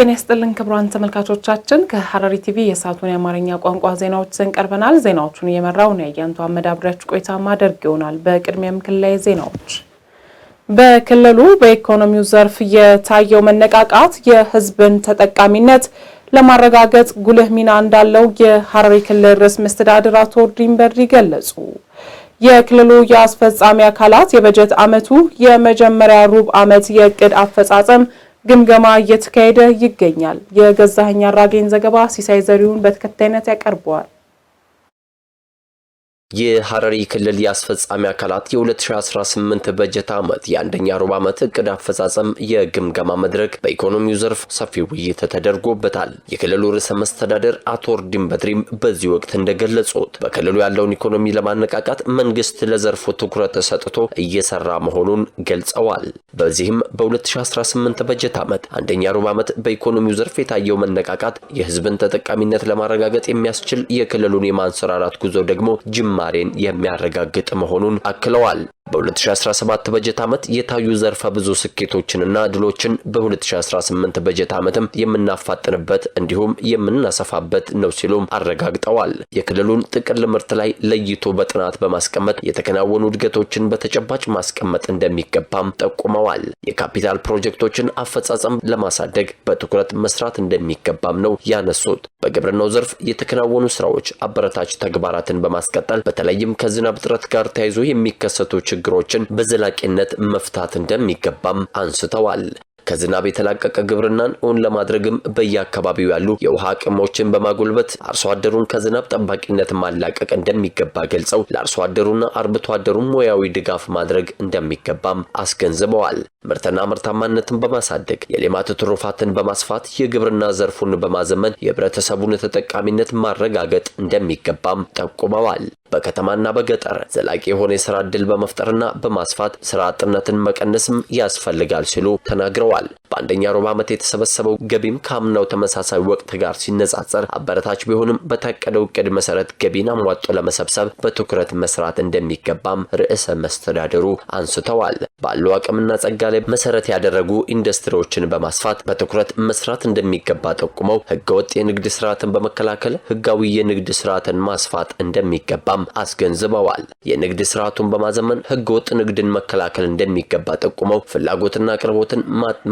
ጤና ይስጥልን ክቡራን ተመልካቾቻችን፣ ከሐረሪ ቲቪ የሰዓቱን የአማርኛ ቋንቋ ዜናዎች ይዘን ቀርበናል። ዜናዎቹን እየመራው ነው ያያንቱ አመዳብሪያችሁ ቆይታ ማደርግ ይሆናል። በቅድሚያም ክልላዊ ዜናዎች። በክልሉ በኢኮኖሚው ዘርፍ የታየው መነቃቃት የህዝብን ተጠቃሚነት ለማረጋገጥ ጉልህ ሚና እንዳለው የሐረሪ ክልል ርዕሰ መስተዳድር አቶ ድሪምበሪ ገለጹ። የክልሉ የአስፈጻሚ አካላት የበጀት ዓመቱ የመጀመሪያ ሩብ ዓመት የእቅድ አፈጻጸም ግምገማ እየተካሄደ ይገኛል። የገዛኸኝ አራጌን ዘገባ ሲሳይ ዘሪሁን በተከታይነት ያቀርበዋል። የሐረሪ ክልል የአስፈጻሚ አካላት የ2018 በጀት ዓመት የአንደኛ ሩብ ዓመት እቅድ አፈጻጸም የግምገማ መድረክ በኢኮኖሚው ዘርፍ ሰፊ ውይይት ተደርጎበታል። የክልሉ ርዕሰ መስተዳደር አቶ ኦርዲን በድሪም በዚህ ወቅት እንደገለጹት በክልሉ ያለውን ኢኮኖሚ ለማነቃቃት መንግስት ለዘርፉ ትኩረት ሰጥቶ እየሰራ መሆኑን ገልጸዋል። በዚህም በ2018 በጀት ዓመት አንደኛ ሩብ ዓመት በኢኮኖሚው ዘርፍ የታየው መነቃቃት የህዝብን ተጠቃሚነት ለማረጋገጥ የሚያስችል የክልሉን የማንሰራራት ጉዞ ደግሞ ጅማ ዝማሬን የሚያረጋግጥ መሆኑን አክለዋል። በ2017 በጀት ዓመት የታዩ ዘርፈ ብዙ ስኬቶችንና ድሎችን በ2018 በጀት ዓመትም የምናፋጥንበት እንዲሁም የምናሰፋበት ነው ሲሉም አረጋግጠዋል። የክልሉን ጥቅል ምርት ላይ ለይቶ በጥናት በማስቀመጥ የተከናወኑ እድገቶችን በተጨባጭ ማስቀመጥ እንደሚገባም ጠቁመዋል። የካፒታል ፕሮጀክቶችን አፈጻጸም ለማሳደግ በትኩረት መስራት እንደሚገባም ነው ያነሱት። በግብርናው ዘርፍ የተከናወኑ ስራዎች አበረታች ተግባራትን በማስቀጠል በተለይም ከዝናብ እጥረት ጋር ተያይዞ የሚከሰቱ ችግሮችን በዘላቂነት መፍታት እንደሚገባም አንስተዋል። ከዝናብ የተላቀቀ ግብርናን እውን ለማድረግም በየአካባቢው ያሉ የውሃ አቅሞችን በማጎልበት አርሶ አደሩን ከዝናብ ጠባቂነት ማላቀቅ እንደሚገባ ገልጸው ለአርሶ አደሩና አርብቶ አደሩ ሙያዊ ድጋፍ ማድረግ እንደሚገባም አስገንዝበዋል። ምርትና ምርታማነትን በማሳደግ የሌማት ትሩፋትን በማስፋት የግብርና ዘርፉን በማዘመን የህብረተሰቡን ተጠቃሚነት ማረጋገጥ እንደሚገባም ጠቁመዋል። በከተማና በገጠር ዘላቂ የሆነ የስራ ዕድል በመፍጠርና በማስፋት ስራ አጥነትን መቀነስም ያስፈልጋል ሲሉ ተናግረዋል። በአንደኛ ሩብ ዓመት የተሰበሰበው ገቢም ከአምናው ተመሳሳይ ወቅት ጋር ሲነጻጸር አበረታች ቢሆንም በታቀደው እቅድ መሰረት ገቢን አሟጦ ለመሰብሰብ በትኩረት መስራት እንደሚገባም ርዕሰ መስተዳደሩ አንስተዋል። ባለው አቅምና ጸጋ ላይ መሰረት ያደረጉ ኢንዱስትሪዎችን በማስፋት በትኩረት መስራት እንደሚገባ ጠቁመው ህገወጥ የንግድ ስርዓትን በመከላከል ህጋዊ የንግድ ስርዓትን ማስፋት እንደሚገባ እንደሚገባም አስገንዝበዋል። የንግድ ስርዓቱን በማዘመን ህገወጥ ንግድን መከላከል እንደሚገባ ጠቁመው ፍላጎትና አቅርቦትን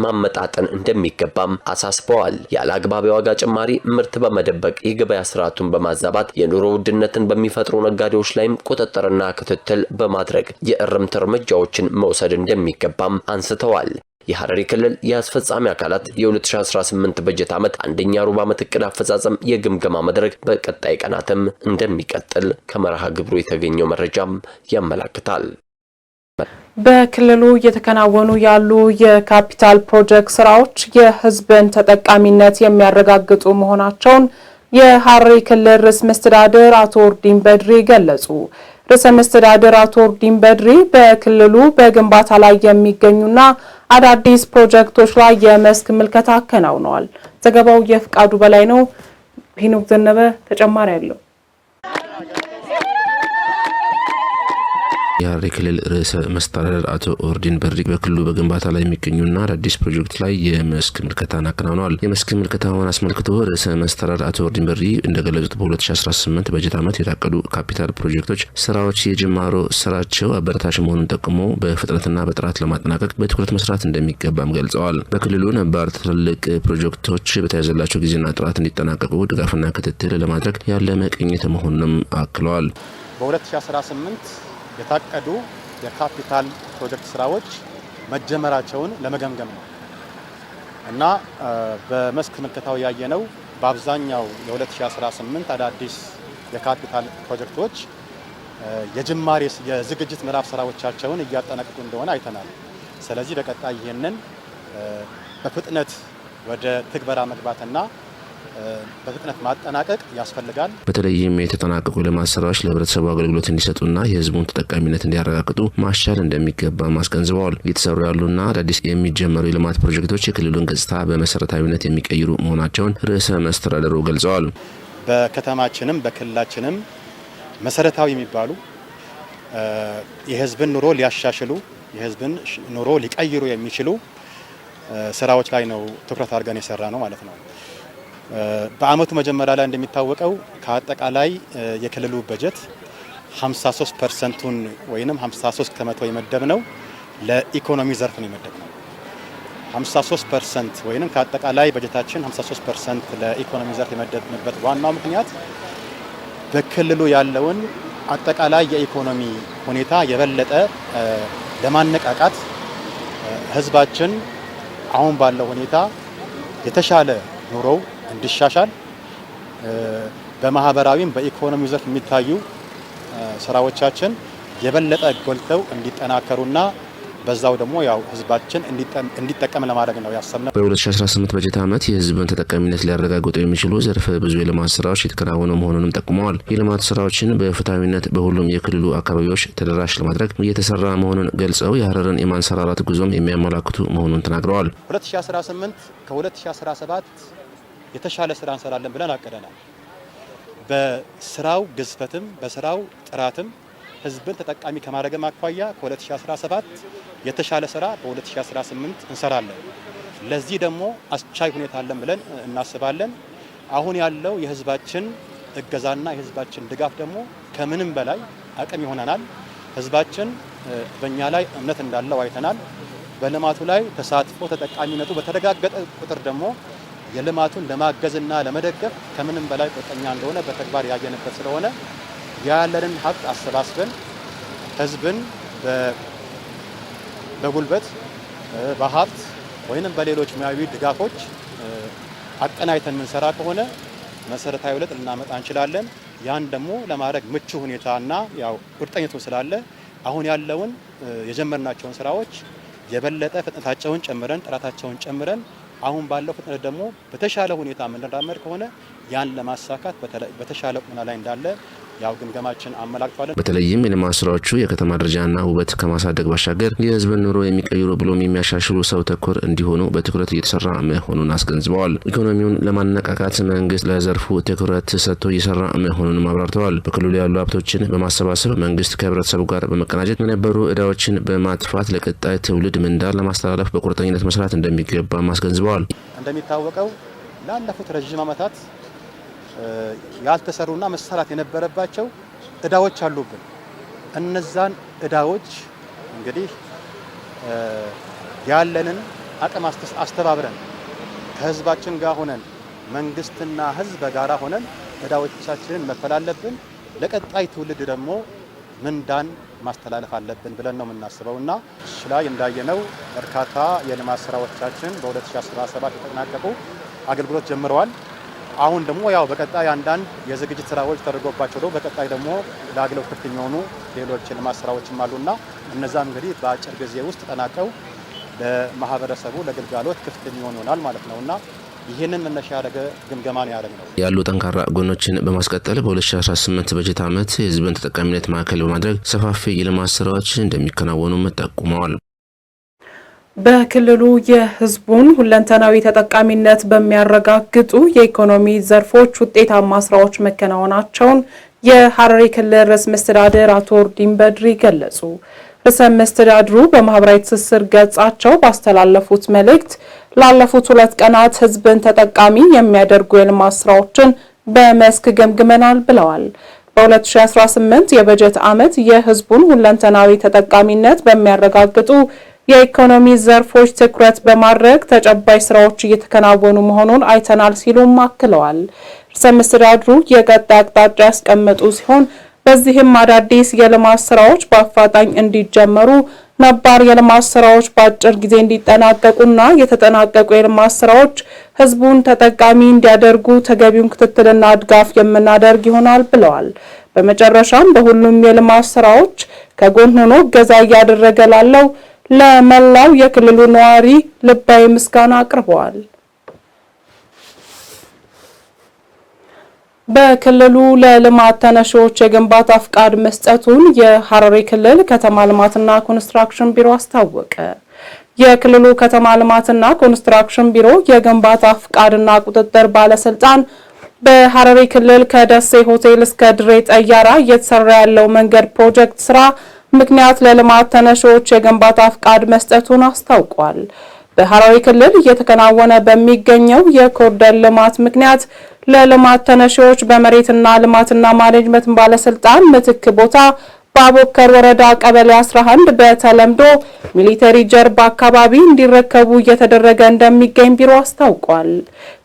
ማመጣጠን እንደሚገባም አሳስበዋል። ያለ አግባብ የዋጋ ጭማሪ ምርት በመደበቅ የገበያ ስርዓቱን በማዛባት የኑሮ ውድነትን በሚፈጥሩ ነጋዴዎች ላይም ቁጥጥርና ክትትል በማድረግ የእርምት እርምጃዎችን መውሰድ እንደሚገባም አንስተዋል። የሐረሪ ክልል የአስፈጻሚ አካላት የ2018 በጀት ዓመት አንደኛ ሩብ ዓመት እቅድ አፈጻጸም የግምገማ መድረክ በቀጣይ ቀናትም እንደሚቀጥል ከመርሃ ግብሩ የተገኘው መረጃም ያመላክታል። በክልሉ እየተከናወኑ ያሉ የካፒታል ፕሮጀክት ስራዎች የህዝብን ተጠቃሚነት የሚያረጋግጡ መሆናቸውን የሐረሪ ክልል ርዕሰ መስተዳድር አቶ ኦርዲን በድሪ ገለጹ። ርዕሰ መስተዳድር አቶ ኦርዲን በድሪ በክልሉ በግንባታ ላይ የሚገኙና አዳዲስ ፕሮጀክቶች ላይ የመስክ ምልከታ አከናውነዋል። ዘገባው የፍቃዱ በላይ ነው። ሄኖክ ዘነበ ተጨማሪ አለው። የሐረሪ ክልል ርዕሰ መስተዳደር አቶ ኦርዲን በሪ በክልሉ በግንባታ ላይ የሚገኙና አዳዲስ ፕሮጀክት ላይ የመስክ ምልከታን አከናውነዋል። የመስክ ምልከታውን አስመልክቶ ርዕሰ መስተዳደር አቶ ኦርዲን በሪ እንደገለጹት በ2018 በጀት ዓመት የታቀዱ ካፒታል ፕሮጀክቶች ስራዎች የጅማሮ ስራቸው አበረታሽ መሆኑን ጠቅሞ በፍጥነትና በጥራት ለማጠናቀቅ በትኩረት መስራት እንደሚገባም ገልጸዋል። በክልሉ ነባር ትልቅ ፕሮጀክቶች በተያዘላቸው ጊዜና ጥራት እንዲጠናቀቁ ድጋፍና ክትትል ለማድረግ ያለመ ቅኝት መሆኑንም አክለዋል። በ2018 የታቀዱ የካፒታል ፕሮጀክት ስራዎች መጀመራቸውን ለመገምገም ነው እና በመስክ ምልከታው ያየነው በአብዛኛው የ2018 አዳዲስ የካፒታል ፕሮጀክቶች የጅማሬ የዝግጅት ምዕራፍ ስራዎቻቸውን እያጠናቀቁ እንደሆነ አይተናል። ስለዚህ በቀጣይ ይህንን በፍጥነት ወደ ትግበራ መግባትና በፍጥነት ማጠናቀቅ ያስፈልጋል። በተለይም የተጠናቀቁ የልማት ስራዎች ለህብረተሰቡ አገልግሎት እንዲሰጡና የህዝቡን ተጠቃሚነት እንዲያረጋግጡ ማስቻል እንደሚገባ አስገንዝበዋል። እየተሰሩ ያሉና አዳዲስ የሚጀመሩ የልማት ፕሮጀክቶች የክልሉን ገጽታ በመሰረታዊነት የሚቀይሩ መሆናቸውን ርዕሰ መስተዳደሩ ገልጸዋል። በከተማችንም በክልላችንም መሰረታዊ የሚባሉ የህዝብን ኑሮ ሊያሻሽሉ የህዝብን ኑሮ ሊቀይሩ የሚችሉ ስራዎች ላይ ነው ትኩረት አድርገን የሰራ ነው ማለት ነው። በአመቱ መጀመሪያ ላይ እንደሚታወቀው ከአጠቃላይ የክልሉ በጀት 53 ፐርሰንቱን ወይም 53 ከመቶ የመደብ ነው ለኢኮኖሚ ዘርፍ ነው የመደብ ነው። 53 ፐርሰንት ወይም ከአጠቃላይ በጀታችን 53 ፐርሰንት ለኢኮኖሚ ዘርፍ የመደብንበት ዋናው ምክንያት በክልሉ ያለውን አጠቃላይ የኢኮኖሚ ሁኔታ የበለጠ ለማነቃቃት ህዝባችን አሁን ባለው ሁኔታ የተሻለ ኑሮው እንዲሻሻል በማህበራዊም በኢኮኖሚው ዘርፍ የሚታዩ ስራዎቻችን የበለጠ ጎልተው እንዲጠናከሩና በዛው ደግሞ ያው ህዝባችን እንዲጠቀም ለማድረግ ነው ያሰብነው። በ2018 በጀት ዓመት የህዝብን ተጠቃሚነት ሊያረጋግጡ የሚችሉ ዘርፈ ብዙ የልማት ስራዎች የተከናወኑ መሆኑንም ጠቁመዋል። የልማት ስራዎችን በፍትሐዊነት በሁሉም የክልሉ አካባቢዎች ተደራሽ ለማድረግ እየተሰራ መሆኑን ገልጸው የሀረርን የማንሰራራት ጉዞም የሚያመላክቱ መሆኑን ተናግረዋል። 2018 ከ2017 የተሻለ ስራ እንሰራለን ብለን አቅደናል። በስራው ግዝፈትም በስራው ጥራትም ህዝብን ተጠቃሚ ከማድረግም አኳያ ከ2017 የተሻለ ስራ በ2018 እንሰራለን። ለዚህ ደግሞ አስቻይ ሁኔታ አለን ብለን እናስባለን። አሁን ያለው የህዝባችን እገዛና የህዝባችን ድጋፍ ደግሞ ከምንም በላይ አቅም ይሆነናል። ህዝባችን በእኛ ላይ እምነት እንዳለው አይተናል። በልማቱ ላይ ተሳትፎ ተጠቃሚነቱ በተረጋገጠ ቁጥር ደግሞ የልማቱን ለማገዝና ለመደገፍ ከምንም በላይ ቁርጠኛ እንደሆነ በተግባር ያየንበት ስለሆነ ያለንን ሀብት አሰባስበን ህዝብን በጉልበት በሀብት ወይንም በሌሎች ሙያዊ ድጋፎች አቀናይተን የምንሰራ ከሆነ መሰረታዊ ለውጥ ልናመጣ እንችላለን። ያን ደግሞ ለማድረግ ምቹ ሁኔታና ያው ቁርጠኝቱ ስላለ አሁን ያለውን የጀመርናቸውን ስራዎች የበለጠ ፍጥነታቸውን ጨምረን ጥራታቸውን ጨምረን አሁን ባለው ፍጥነት ደግሞ በተሻለ ሁኔታ የምንራመድ ከሆነ ያን ለማሳካት በተሻለ ቁመና ላይ እንዳለ ያው ግምገማችን አመላክቷለን። በተለይም የልማት ስራዎቹ የከተማ ደረጃና ውበት ከማሳደግ ባሻገር የህዝብን ኑሮ የሚቀይሩ ብሎም የሚያሻሽሉ ሰው ተኮር እንዲሆኑ በትኩረት እየተሰራ መሆኑን አስገንዝበዋል። ኢኮኖሚውን ለማነቃቃት መንግስት ለዘርፉ ትኩረት ሰጥቶ እየሰራ መሆኑንም አብራርተዋል። በክልሉ ያሉ ሀብቶችን በማሰባሰብ መንግስት ከህብረተሰቡ ጋር በመቀናጀት የነበሩ እዳዎችን በማጥፋት ለቀጣይ ትውልድ ምንዳር ለማስተላለፍ በቁርጠኝነት መስራት እንደሚገባም አስገንዝበዋል። እንደሚታወቀው ላለፉት ረዥም ዓመታት ያልተሰሩና መሰራት የነበረባቸው እዳዎች አሉብን። እነዛን እዳዎች እንግዲህ ያለንን አቅም አስተባብረን ከህዝባችን ጋር ሆነን መንግስትና ህዝብ በጋራ ሆነን እዳዎቻችንን መክፈል አለብን። ለቀጣይ ትውልድ ደግሞ ምንዳን ማስተላለፍ አለብን ብለን ነው የምናስበው እና እሱ ላይ እንዳየነው በርካታ የልማት ስራዎቻችን በ2017 የተጠናቀቁ አገልግሎት ጀምረዋል። አሁን ደግሞ ያው በቀጣይ አንዳንድ የዝግጅት ስራዎች ተደርጎባቸው ነው። በቀጣይ ደግሞ ለአግለው ክፍት የሚሆኑ ሌሎች ልማት ስራዎችም አሉና እነዛም እንግዲህ በአጭር ጊዜ ውስጥ ተጠናቀው ለማህበረሰቡ ለግልጋሎት ክፍት የሚሆን ይሆናል ማለት ነው እና ይህንን መነሻ ያደረገ ግምገማ ነው ያደረግነው። ያሉ ጠንካራ ጎኖችን በማስቀጠል በ2018 በጀት ዓመት የህዝብን ተጠቃሚነት ማዕከል በማድረግ ሰፋፊ የልማት ስራዎች እንደሚከናወኑ ጠቁመዋል። በክልሉ የህዝቡን ሁለንተናዊ ተጠቃሚነት በሚያረጋግጡ የኢኮኖሚ ዘርፎች ውጤታማ ስራዎች መከናወናቸውን የሐረሪ ክልል ርዕሰ መስተዳድር አቶ ኦርዲን በድሪ ገለጹ። ርዕሰ መስተዳድሩ በማህበራዊ ትስስር ገጻቸው ባስተላለፉት መልእክት ላለፉት ሁለት ቀናት ህዝብን ተጠቃሚ የሚያደርጉ የልማት ስራዎችን በመስክ ገምግመናል ብለዋል። በ2018 የበጀት ዓመት የህዝቡን ሁለንተናዊ ተጠቃሚነት በሚያረጋግጡ የኢኮኖሚ ዘርፎች ትኩረት በማድረግ ተጨባጭ ስራዎች እየተከናወኑ መሆኑን አይተናል ሲሉም አክለዋል። ርዕሰ መስተዳድሩ የቀጣይ አቅጣጫ ያስቀመጡ ሲሆን በዚህም አዳዲስ የልማት ስራዎች በአፋጣኝ እንዲጀመሩ ነባር የልማት ስራዎች በአጭር ጊዜ እንዲጠናቀቁና የተጠናቀቁ የልማት ስራዎች ህዝቡን ተጠቃሚ እንዲያደርጉ ተገቢውን ክትትልና ድጋፍ የምናደርግ ይሆናል ብለዋል። በመጨረሻም በሁሉም የልማት ስራዎች ከጎን ሆኖ እገዛ እያደረገ ላለው ለመላው የክልሉ ነዋሪ ልባዊ ምስጋና አቅርበዋል። በክልሉ ለልማት ተነሺዎች የግንባታ ፍቃድ መስጠቱን የሐረሪ ክልል ከተማ ልማትና ኮንስትራክሽን ቢሮ አስታወቀ። የክልሉ ከተማ ልማትና ኮንስትራክሽን ቢሮ የግንባታ ፍቃድና ቁጥጥር ባለስልጣን በሐረሪ ክልል ከደሴ ሆቴል እስከ ድሬ ጠያራ እየተሰራ ያለው መንገድ ፕሮጀክት ስራ ምክንያት ለልማት ተነሺዎች የግንባታ ፍቃድ መስጠቱን አስታውቋል። በሐረሪ ክልል እየተከናወነ በሚገኘው የኮሪደር ልማት ምክንያት ለልማት ተነሺዎች በመሬትና ልማትና ማኔጅመንት ባለስልጣን ምትክ ቦታ በአቦከር ወረዳ ቀበሌ 11 በተለምዶ ሚሊተሪ ጀርባ አካባቢ እንዲረከቡ እየተደረገ እንደሚገኝ ቢሮ አስታውቋል።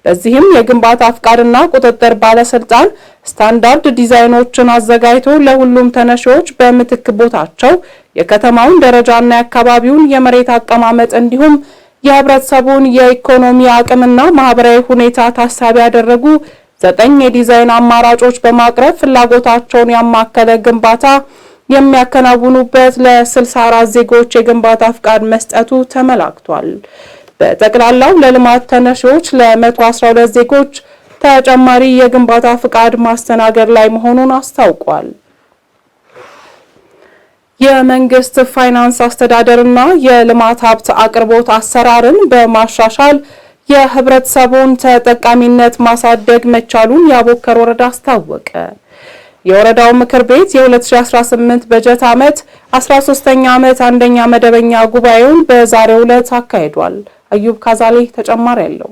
በዚህም የግንባታ አፍቃድና ቁጥጥር ባለስልጣን ስታንዳርድ ዲዛይኖችን አዘጋጅቶ ለሁሉም ተነሺዎች በምትክ ቦታቸው የከተማውን ደረጃና የአካባቢውን የመሬት አቀማመጥ እንዲሁም የህብረተሰቡን የኢኮኖሚ አቅምና ማህበራዊ ሁኔታ ታሳቢ ያደረጉ ዘጠኝ የዲዛይን አማራጮች በማቅረብ ፍላጎታቸውን ያማከለ ግንባታ የሚያከናውኑበት ለ64 ዜጎች የግንባታ ፍቃድ መስጠቱ ተመላክቷል። በጠቅላላው ለልማት ተነሺዎች ለ112 ዜጎች ተጨማሪ የግንባታ ፍቃድ ማስተናገድ ላይ መሆኑን አስታውቋል። የመንግስት ፋይናንስ አስተዳደርና የልማት ሀብት አቅርቦት አሰራርን በማሻሻል የህብረተሰቡን ተጠቃሚነት ማሳደግ መቻሉን የአቦከር ወረዳ አስታወቀ። የወረዳው ምክር ቤት የ2018 በጀት ዓመት 13ኛ ዓመት አንደኛ መደበኛ ጉባኤውን በዛሬው ዕለት አካሂዷል። አዩብ ካዛሌ ተጨማሪ አለው።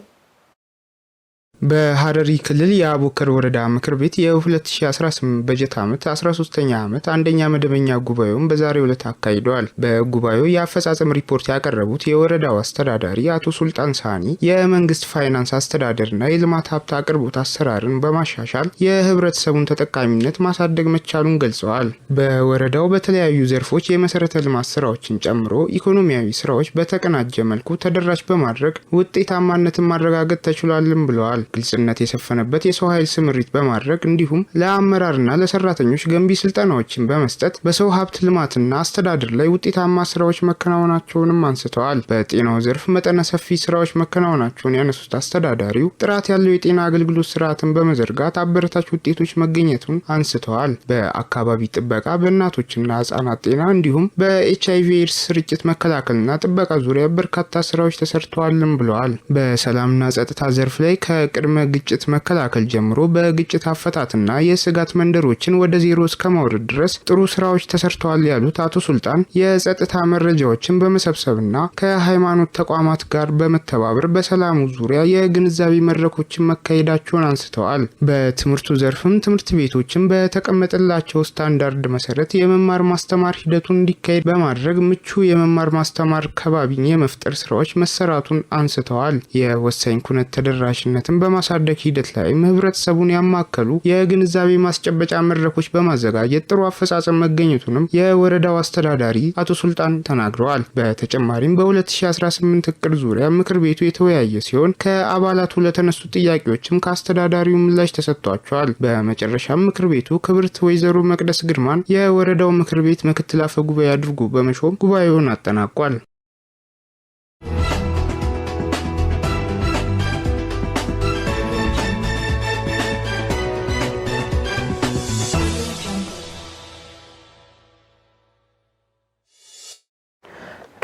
በሀረሪ ክልል የአቦከር ወረዳ ምክር ቤት የ2018 በጀት ዓመት 13ኛ ዓመት አንደኛ መደበኛ ጉባኤውን በዛሬው ዕለት አካሂደዋል። በጉባኤው የአፈጻጸም ሪፖርት ያቀረቡት የወረዳው አስተዳዳሪ አቶ ሱልጣን ሳኒ የመንግስት ፋይናንስ አስተዳደርና የልማት ሀብት አቅርቦት አሰራርን በማሻሻል የህብረተሰቡን ተጠቃሚነት ማሳደግ መቻሉን ገልጸዋል። በወረዳው በተለያዩ ዘርፎች የመሰረተ ልማት ስራዎችን ጨምሮ ኢኮኖሚያዊ ስራዎች በተቀናጀ መልኩ ተደራሽ በማድረግ ውጤታማነትን ማረጋገጥ ተችሏልም ብለዋል። ግልጽነት የሰፈነበት የሰው ኃይል ስምሪት በማድረግ እንዲሁም ለአመራርና ለሰራተኞች ገንቢ ስልጠናዎችን በመስጠት በሰው ሀብት ልማትና አስተዳደር ላይ ውጤታማ ስራዎች መከናወናቸውንም አንስተዋል። በጤናው ዘርፍ መጠነ ሰፊ ስራዎች መከናወናቸውን ያነሱት አስተዳዳሪው ጥራት ያለው የጤና አገልግሎት ስርዓትን በመዘርጋት አበረታች ውጤቶች መገኘቱን አንስተዋል። በአካባቢ ጥበቃ፣ በእናቶችና ህጻናት ጤና እንዲሁም በኤች አይቪ ኤድስ ስርጭት መከላከልና ጥበቃ ዙሪያ በርካታ ስራዎች ተሰርተዋልም ብለዋል። በሰላምና ጸጥታ ዘርፍ ላይ ከ ከቅድመ ግጭት መከላከል ጀምሮ በግጭት አፈታትና የስጋት መንደሮችን ወደ ዜሮ እስከ ማውረድ ድረስ ጥሩ ስራዎች ተሰርተዋል ያሉት አቶ ሱልጣን የጸጥታ መረጃዎችን በመሰብሰብና ከሃይማኖት ተቋማት ጋር በመተባበር በሰላሙ ዙሪያ የግንዛቤ መድረኮችን መካሄዳቸውን አንስተዋል። በትምህርቱ ዘርፍም ትምህርት ቤቶችን በተቀመጠላቸው ስታንዳርድ መሰረት የመማር ማስተማር ሂደቱን እንዲካሄድ በማድረግ ምቹ የመማር ማስተማር ከባቢን የመፍጠር ስራዎች መሰራቱን አንስተዋል። የወሳኝ ኩነት ተደራሽነትን በማሳደግ ሂደት ላይም ህብረተሰቡን ያማከሉ የግንዛቤ ማስጨበጫ መድረኮች በማዘጋጀት ጥሩ አፈጻጸም መገኘቱንም የወረዳው አስተዳዳሪ አቶ ሱልጣን ተናግረዋል። በተጨማሪም በ2018 እቅድ ዙሪያ ምክር ቤቱ የተወያየ ሲሆን ከአባላቱ ለተነሱ ጥያቄዎችም ከአስተዳዳሪው ምላሽ ተሰጥቷቸዋል። በመጨረሻም ምክር ቤቱ ክብርት ወይዘሮ መቅደስ ግርማን የወረዳው ምክር ቤት ምክትል አፈ ጉባኤ አድርጎ በመሾም ጉባኤውን አጠናቋል።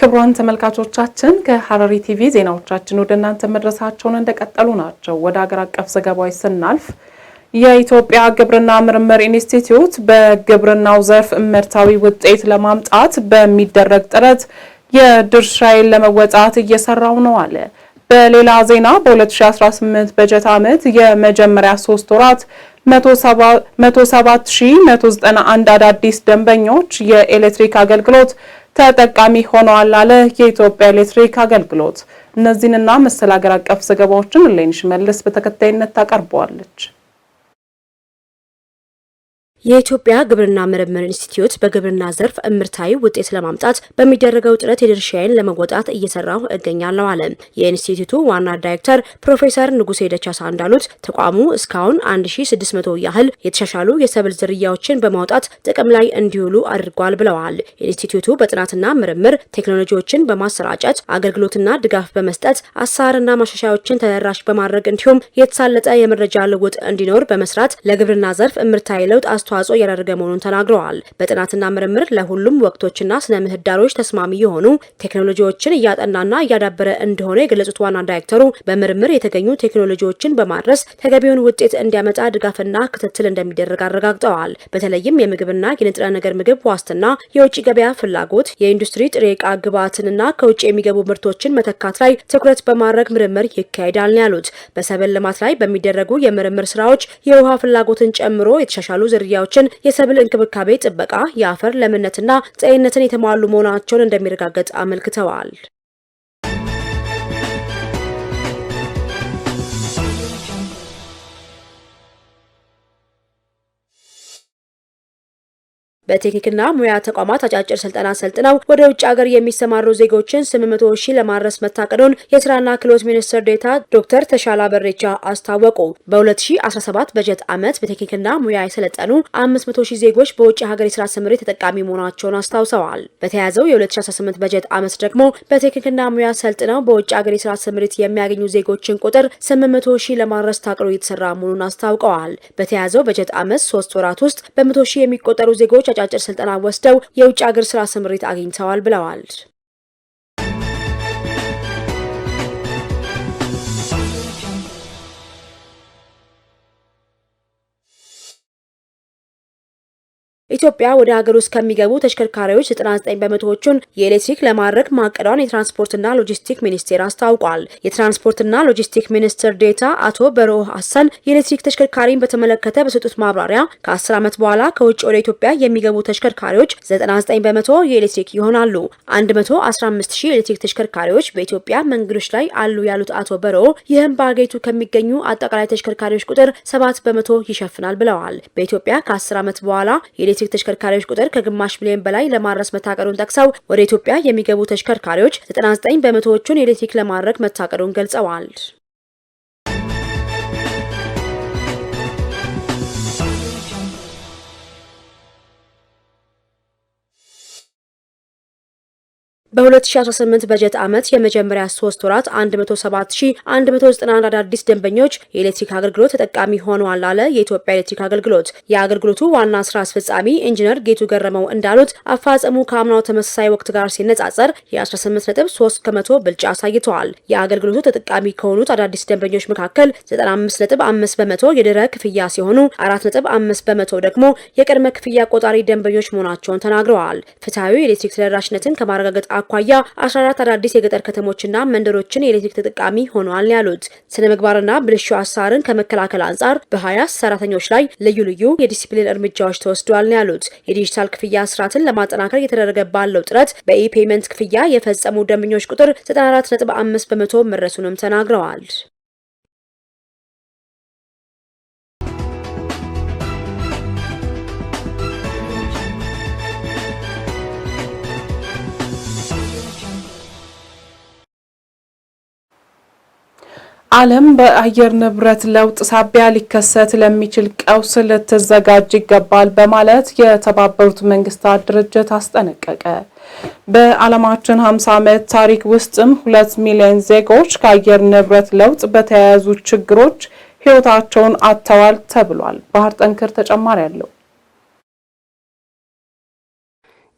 ክቡራን ተመልካቾቻችን ከሐረሪ ቲቪ ዜናዎቻችን ወደ እናንተ መድረሳቸውን እንደቀጠሉ ናቸው። ወደ አገር አቀፍ ዘገባዎች ስናልፍ የኢትዮጵያ ግብርና ምርምር ኢንስቲትዩት በግብርናው ዘርፍ ምርታዊ ውጤት ለማምጣት በሚደረግ ጥረት የድርሻዬን ለመወጣት እየሰራው ነው አለ። በሌላ ዜና በ2018 በጀት ዓመት የመጀመሪያ ሶስት ወራት 17191 አዳዲስ ደንበኞች የኤሌክትሪክ አገልግሎት ተጠቃሚ ሆነዋል አለ የኢትዮጵያ ኤሌክትሪክ አገልግሎት። እነዚህንና መሰል ሀገር አቀፍ ዘገባዎችን ሌንሽ መልስ በተከታይነት ታቀርበዋለች። የኢትዮጵያ ግብርና ምርምር ኢንስቲትዩት በግብርና ዘርፍ እምርታዊ ውጤት ለማምጣት በሚደረገው ጥረት የድርሻዬን ለመወጣት እየሰራሁ እገኛለሁ አለ። የኢንስቲትዩቱ ዋና ዳይሬክተር ፕሮፌሰር ንጉሴ ደቻሳ እንዳሉት ተቋሙ እስካሁን 1600 ያህል የተሻሻሉ የሰብል ዝርያዎችን በማውጣት ጥቅም ላይ እንዲውሉ አድርጓል ብለዋል። ኢንስቲትዩቱ በጥናትና ምርምር ቴክኖሎጂዎችን በማሰራጨት አገልግሎትና ድጋፍ በመስጠት አሰራርና ማሻሻያዎችን ተደራሽ በማድረግ እንዲሁም የተሳለጠ የመረጃ ልውጥ እንዲኖር በመስራት ለግብርና ዘርፍ እምርታዊ ለውጥ አስተዋ አስተዋጽኦ እያደረገ መሆኑን ተናግረዋል። በጥናትና ምርምር ለሁሉም ወቅቶችና ስነ ምህዳሮች ተስማሚ የሆኑ ቴክኖሎጂዎችን እያጠናና እያዳበረ እንደሆነ የገለጹት ዋና ዳይሬክተሩ በምርምር የተገኙ ቴክኖሎጂዎችን በማድረስ ተገቢውን ውጤት እንዲያመጣ ድጋፍና ክትትል እንደሚደረግ አረጋግጠዋል። በተለይም የምግብና የንጥረ ነገር ምግብ ዋስትና፣ የውጭ ገበያ ፍላጎት፣ የኢንዱስትሪ ጥሬ እቃ ግብዓትንና ከውጭ የሚገቡ ምርቶችን መተካት ላይ ትኩረት በማድረግ ምርምር ይካሄዳል ያሉት። በሰብል ልማት ላይ በሚደረጉ የምርምር ስራዎች የውሃ ፍላጎትን ጨምሮ የተሻሻሉ ዝርያ ጉዳዮችን የሰብል እንክብካቤ፣ ጥበቃ፣ የአፈር ለምነትና ጤንነትን የተሟሉ መሆናቸውን እንደሚረጋገጥ አመልክተዋል። በቴክኒክና ሙያ ተቋማት አጫጭር ስልጠና ሰልጥነው ወደ ውጭ ሀገር የሚሰማሩ ዜጎችን ስምንት ሺህ ለማድረስ መታቀዱን የስራና ክህሎት ሚኒስትር ዴታ ዶክተር ተሻላ በሬቻ አስታወቁ። በ2017 በጀት ዓመት በቴክኒክና ሙያ የሰለጠኑ 500 ሺህ ዜጎች በውጭ ሀገር የስራ ስምሪት ተጠቃሚ መሆናቸውን አስታውሰዋል። በተያያዘው የ2018 በጀት ዓመት ደግሞ በቴክኒክና ሙያ ሰልጥነው በውጭ ሀገር የስራ ስምሪት የሚያገኙ ዜጎችን ቁጥር 800 ሺህ ለማድረስ ታቅዶ እየተሰራ መሆኑን አስታውቀዋል። በተያያዘው በጀት ዓመት ሶስት ወራት ውስጥ በመቶ ሺህ የሚቆጠሩ ዜጎች አጫጭር ስልጠና ወስደው የውጭ ሀገር ስራ ስምሪት አግኝተዋል ብለዋል። ኢትዮጵያ ወደ ሀገር ውስጥ ከሚገቡ ተሽከርካሪዎች 99 በመቶዎቹን የኤሌክትሪክ ለማድረግ ማቀዷን የትራንስፖርትና ሎጂስቲክ ሚኒስቴር አስታውቋል። የትራንስፖርትና ሎጂስቲክ ሚኒስትር ዴታ አቶ በሮ ሀሰን የኤሌክትሪክ ተሽከርካሪን በተመለከተ በሰጡት ማብራሪያ ከ10 ዓመት በኋላ ከውጭ ወደ ኢትዮጵያ የሚገቡ ተሽከርካሪዎች 99 በመቶ የኤሌክትሪክ ይሆናሉ። 115 ሺህ ኤሌክትሪክ ተሽከርካሪዎች በኢትዮጵያ መንገዶች ላይ አሉ ያሉት አቶ በሮ ይህም በአገሪቱ ከሚገኙ አጠቃላይ ተሽከርካሪዎች ቁጥር 7 በመቶ ይሸፍናል ብለዋል። በኢትዮጵያ ከ10 ዓመት በኋላ የኤሌክትሪክ ተሽከርካሪዎች ቁጥር ከግማሽ ሚሊዮን በላይ ለማድረስ መታቀዱን ጠቅሰው ወደ ኢትዮጵያ የሚገቡ ተሽከርካሪዎች 99 በመቶዎቹን ኤሌክትሪክ ለማድረግ መታቀዱን ገልጸዋል። በ2018 በጀት ዓመት የመጀመሪያ ሶስት ወራት 17191 አዳዲስ ደንበኞች የኤሌክትሪክ አገልግሎት ተጠቃሚ ሆነዋል አለ የኢትዮጵያ ኤሌክትሪክ አገልግሎት። የአገልግሎቱ ዋና ስራ አስፈጻሚ ኢንጂነር ጌቱ ገረመው እንዳሉት አፋጸሙ ከአምናው ተመሳሳይ ወቅት ጋር ሲነጻጸር የ18.3 ከመቶ ብልጫ አሳይተዋል። የአገልግሎቱ ተጠቃሚ ከሆኑት አዳዲስ ደንበኞች መካከል 95.5 በመቶ የድህረ ክፍያ ሲሆኑ 4.5 በመቶ ደግሞ የቅድመ ክፍያ ቆጣሪ ደንበኞች መሆናቸውን ተናግረዋል። ፍትሐዊ የኤሌክትሪክ ተደራሽነትን ከማረጋገጥ አኳያ 14 አዳዲስ የገጠር ከተሞችና መንደሮችን የኤሌክትሪክ ተጠቃሚ ሆኗል ያሉት ስነ ምግባርና ብልሹ አሰራርን ከመከላከል አንጻር በሀያ ሰራተኞች ላይ ልዩ ልዩ የዲሲፕሊን እርምጃዎች ተወስደዋል ያሉት የዲጂታል ክፍያ ስርዓትን ለማጠናከር እየተደረገ ባለው ጥረት በኢፔይመንት ክፍያ የፈጸሙ ደንበኞች ቁጥር 94.5 በመቶ መድረሱንም ተናግረዋል። ዓለም በአየር ንብረት ለውጥ ሳቢያ ሊከሰት ለሚችል ቀውስ ልትዘጋጅ ይገባል በማለት የተባበሩት መንግስታት ድርጅት አስጠነቀቀ። በዓለማችን 50 ዓመት ታሪክ ውስጥም ሁለት ሚሊዮን ዜጎች ከአየር ንብረት ለውጥ በተያያዙ ችግሮች ህይወታቸውን አጥተዋል ተብሏል። ባህር ጠንክር ተጨማሪ አለው።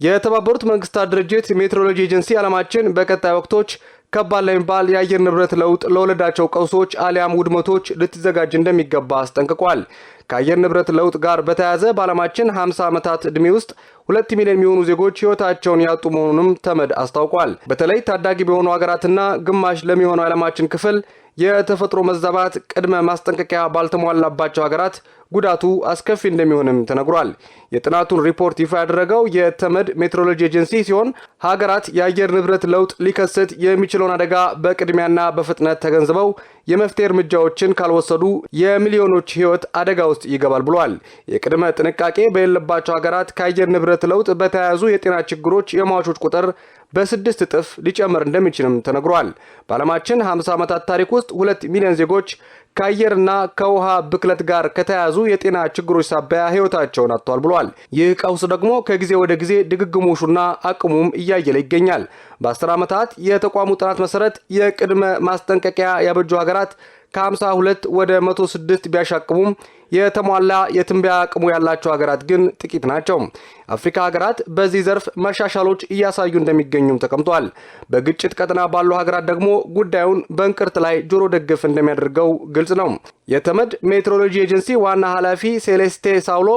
የተባበሩት መንግስታት ድርጅት ሜትሮሎጂ ኤጀንሲ ዓለማችን በቀጣይ ወቅቶች ከባድ ለሚባል የአየር ንብረት ለውጥ ለወለዳቸው ቀውሶች አሊያም ውድመቶች ልትዘጋጅ እንደሚገባ አስጠንቅቋል። ከአየር ንብረት ለውጥ ጋር በተያያዘ በዓለማችን 50 ዓመታት ዕድሜ ውስጥ ሁለት ሚሊዮን የሚሆኑ ዜጎች ሕይወታቸውን ያጡ መሆኑንም ተመድ አስታውቋል። በተለይ ታዳጊ በሆኑ ሀገራትና ግማሽ ለሚሆነው የዓለማችን ክፍል የተፈጥሮ መዛባት ቅድመ ማስጠንቀቂያ ባልተሟላባቸው ሀገራት ጉዳቱ አስከፊ እንደሚሆንም ተነግሯል። የጥናቱን ሪፖርት ይፋ ያደረገው የተመድ ሜትሮሎጂ ኤጀንሲ ሲሆን ሀገራት የአየር ንብረት ለውጥ ሊከሰት የሚችለውን አደጋ በቅድሚያና በፍጥነት ተገንዝበው የመፍትሄ እርምጃዎችን ካልወሰዱ የሚሊዮኖች ሕይወት አደጋ ውስጥ ይገባል ብሏል። የቅድመ ጥንቃቄ በሌለባቸው ሀገራት ከአየር ንብረት ለውጥ በተያያዙ የጤና ችግሮች የሟቾች ቁጥር በስድስት እጥፍ ሊጨምር እንደሚችልም ተነግሯል። በዓለማችን 50 ዓመታት ታሪክ ውስጥ ሁለት ሚሊዮን ዜጎች ከአየርና ከውሃ ብክለት ጋር ከተያያዙ የጤና ችግሮች ሳቢያ ህይወታቸውን አጥተዋል ብሏል። ይህ ቀውስ ደግሞ ከጊዜ ወደ ጊዜ ድግግሞሹና አቅሙም እያየለ ይገኛል። በአስር ዓመታት የተቋሙ ጥናት መሰረት የቅድመ ማስጠንቀቂያ ያበጁ ሀገራት ከ52 ወደ 106 ቢያሻቅሙም የተሟላ የትንበያ አቅሙ ያላቸው ሀገራት ግን ጥቂት ናቸው። አፍሪካ ሀገራት በዚህ ዘርፍ መሻሻሎች እያሳዩ እንደሚገኙም ተቀምጧል። በግጭት ቀጠና ባሉ ሀገራት ደግሞ ጉዳዩን በእንቅርት ላይ ጆሮ ደግፍ እንደሚያደርገው ግልጽ ነው። የተመድ ሜትሮሎጂ ኤጀንሲ ዋና ኃላፊ ሴሌስቴ ሳውሎ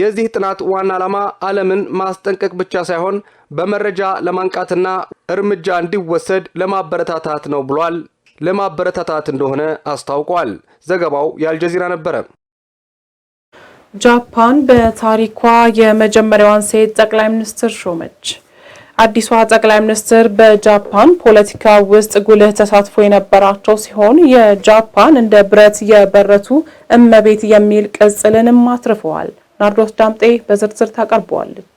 የዚህ ጥናት ዋና ዓላማ ዓለምን ማስጠንቀቅ ብቻ ሳይሆን በመረጃ ለማንቃትና እርምጃ እንዲወሰድ ለማበረታታት ነው ብሏል። ለማበረታታት እንደሆነ አስታውቋል። ዘገባው የአልጀዚራ ነበረ። ጃፓን በታሪኳ የመጀመሪያዋን ሴት ጠቅላይ ሚኒስትር ሾመች። አዲሷ ጠቅላይ ሚኒስትር በጃፓን ፖለቲካ ውስጥ ጉልህ ተሳትፎ የነበራቸው ሲሆን የጃፓን እንደ ብረት የበረቱ እመቤት የሚል ቅጽልንም አትርፈዋል። ናርዶስ ዳምጤ በዝርዝር ታቀርበዋለች።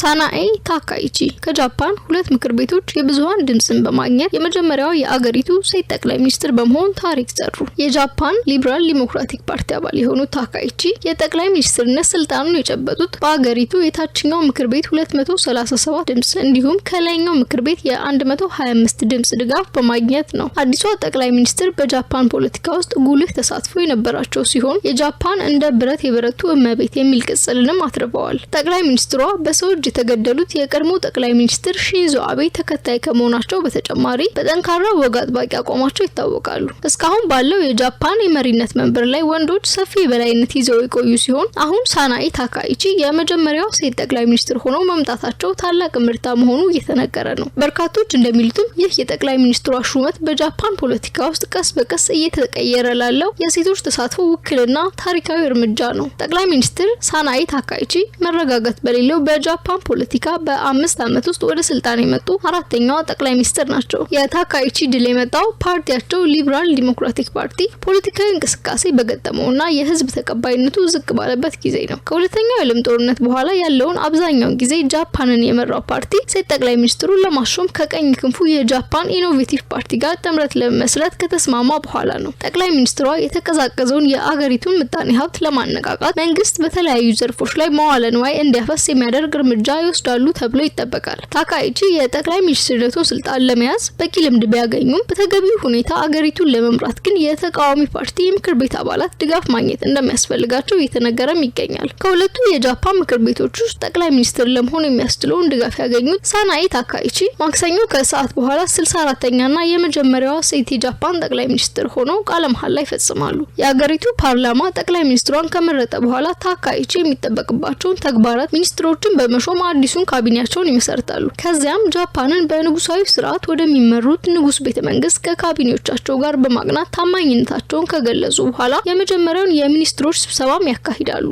ሳናኤ ታካይቺ ከጃፓን ሁለት ምክር ቤቶች የብዙሀን ድምፅን በማግኘት የመጀመሪያው የአገሪቱ ሴት ጠቅላይ ሚኒስትር በመሆን ታሪክ ሰሩ። የጃፓን ሊብራል ዲሞክራቲክ ፓርቲ አባል የሆኑት ታካይቺ የጠቅላይ ሚኒስትርነት ስልጣኑን የጨበጡት በአገሪቱ የታችኛው ምክር ቤት 237 ድምፅ እንዲሁም ከላይኛው ምክር ቤት የ125 ድምፅ ድጋፍ በማግኘት ነው። አዲሷ ጠቅላይ ሚኒስትር በጃፓን ፖለቲካ ውስጥ ጉልህ ተሳትፎ የነበራቸው ሲሆን የጃፓን እንደ ብረት የበረቱ እመቤት የሚል ቅጽልንም አትርፈዋል። ጠቅላይ ሚኒስትሯ በሰው ሰዎች የተገደሉት የቀድሞ ጠቅላይ ሚኒስትር ሺንዞ አቤ ተከታይ ከመሆናቸው በተጨማሪ በጠንካራ ወግ አጥባቂ አቋማቸው ይታወቃሉ። እስካሁን ባለው የጃፓን የመሪነት መንበር ላይ ወንዶች ሰፊ የበላይነት ይዘው የቆዩ ሲሆን አሁን ሳናኢ ታካኢቺ የመጀመሪያው ሴት ጠቅላይ ሚኒስትር ሆነው መምጣታቸው ታላቅ ምርታ መሆኑ እየተነገረ ነው። በርካቶች እንደሚሉትም ይህ የጠቅላይ ሚኒስትሯ ሹመት በጃፓን ፖለቲካ ውስጥ ቀስ በቀስ እየተቀየረ ላለው የሴቶች ተሳትፎ ውክልና ታሪካዊ እርምጃ ነው። ጠቅላይ ሚኒስትር ሳናኢ ታካኢቺ መረጋጋት በሌለው በጃፓን በጃፓን ፖለቲካ በአምስት ዓመት ውስጥ ወደ ስልጣን የመጡ አራተኛዋ ጠቅላይ ሚኒስትር ናቸው። የታካይቺ ድል የመጣው ፓርቲያቸው ሊብራል ዲሞክራቲክ ፓርቲ ፖለቲካዊ እንቅስቃሴ በገጠመውና የህዝብ ተቀባይነቱ ዝቅ ባለበት ጊዜ ነው። ከሁለተኛው የዓለም ጦርነት በኋላ ያለውን አብዛኛውን ጊዜ ጃፓንን የመራው ፓርቲ ሴት ጠቅላይ ሚኒስትሩን ለማሾም ከቀኝ ክንፉ የጃፓን ኢኖቬቲቭ ፓርቲ ጋር ጥምረት ለመስረት ከተስማማ በኋላ ነው። ጠቅላይ ሚኒስትሯ የተቀዛቀዘውን የአገሪቱን ምጣኔ ሀብት ለማነቃቃት መንግስት በተለያዩ ዘርፎች ላይ መዋለ ንዋይ እንዲያፈስ የሚያደርግ እርምጃ እርምጃ ይወስዳሉ ተብሎ ይጠበቃል። ታካይቺ የጠቅላይ ሚኒስትርነቱን ስልጣን ለመያዝ በቂ ልምድ ቢያገኙም በተገቢው ሁኔታ አገሪቱን ለመምራት ግን የተቃዋሚ ፓርቲ የምክር ቤት አባላት ድጋፍ ማግኘት እንደሚያስፈልጋቸው እየተነገረም ይገኛል። ከሁለቱ የጃፓን ምክር ቤቶች ውስጥ ጠቅላይ ሚኒስትር ለመሆን የሚያስችለውን ድጋፍ ያገኙት ሳናኢ ታካይቺ ማክሰኞ ከሰዓት በኋላ 64ተኛና የመጀመሪያዋ ሴት የጃፓን ጠቅላይ ሚኒስትር ሆነው ቃለ መሃላ ይፈጽማሉ። የአገሪቱ ፓርላማ ጠቅላይ ሚኒስትሯን ከመረጠ በኋላ ታካይቺ የሚጠበቅባቸውን ተግባራት ሚኒስትሮችን በመሾ በመሾም አዲሱን ካቢኔያቸውን ይመሰርታሉ። ከዚያም ጃፓንን በንጉሳዊ ስርዓት ወደሚመሩት ንጉስ ቤተ መንግስት ከካቢኔዎቻቸው ጋር በማቅናት ታማኝነታቸውን ከገለጹ በኋላ የመጀመሪያውን የሚኒስትሮች ስብሰባም ያካሂዳሉ።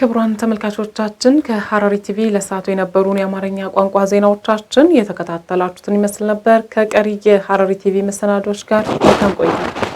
ክቡራን ተመልካቾቻችን ከሐረሪ ቲቪ ለሰዓቱ የነበሩን የአማርኛ ቋንቋ ዜናዎቻችን የተከታተላችሁትን ይመስል ነበር። ከቀሪ የሐረሪ ቲቪ መሰናዶች ጋር መልካም ቆይታ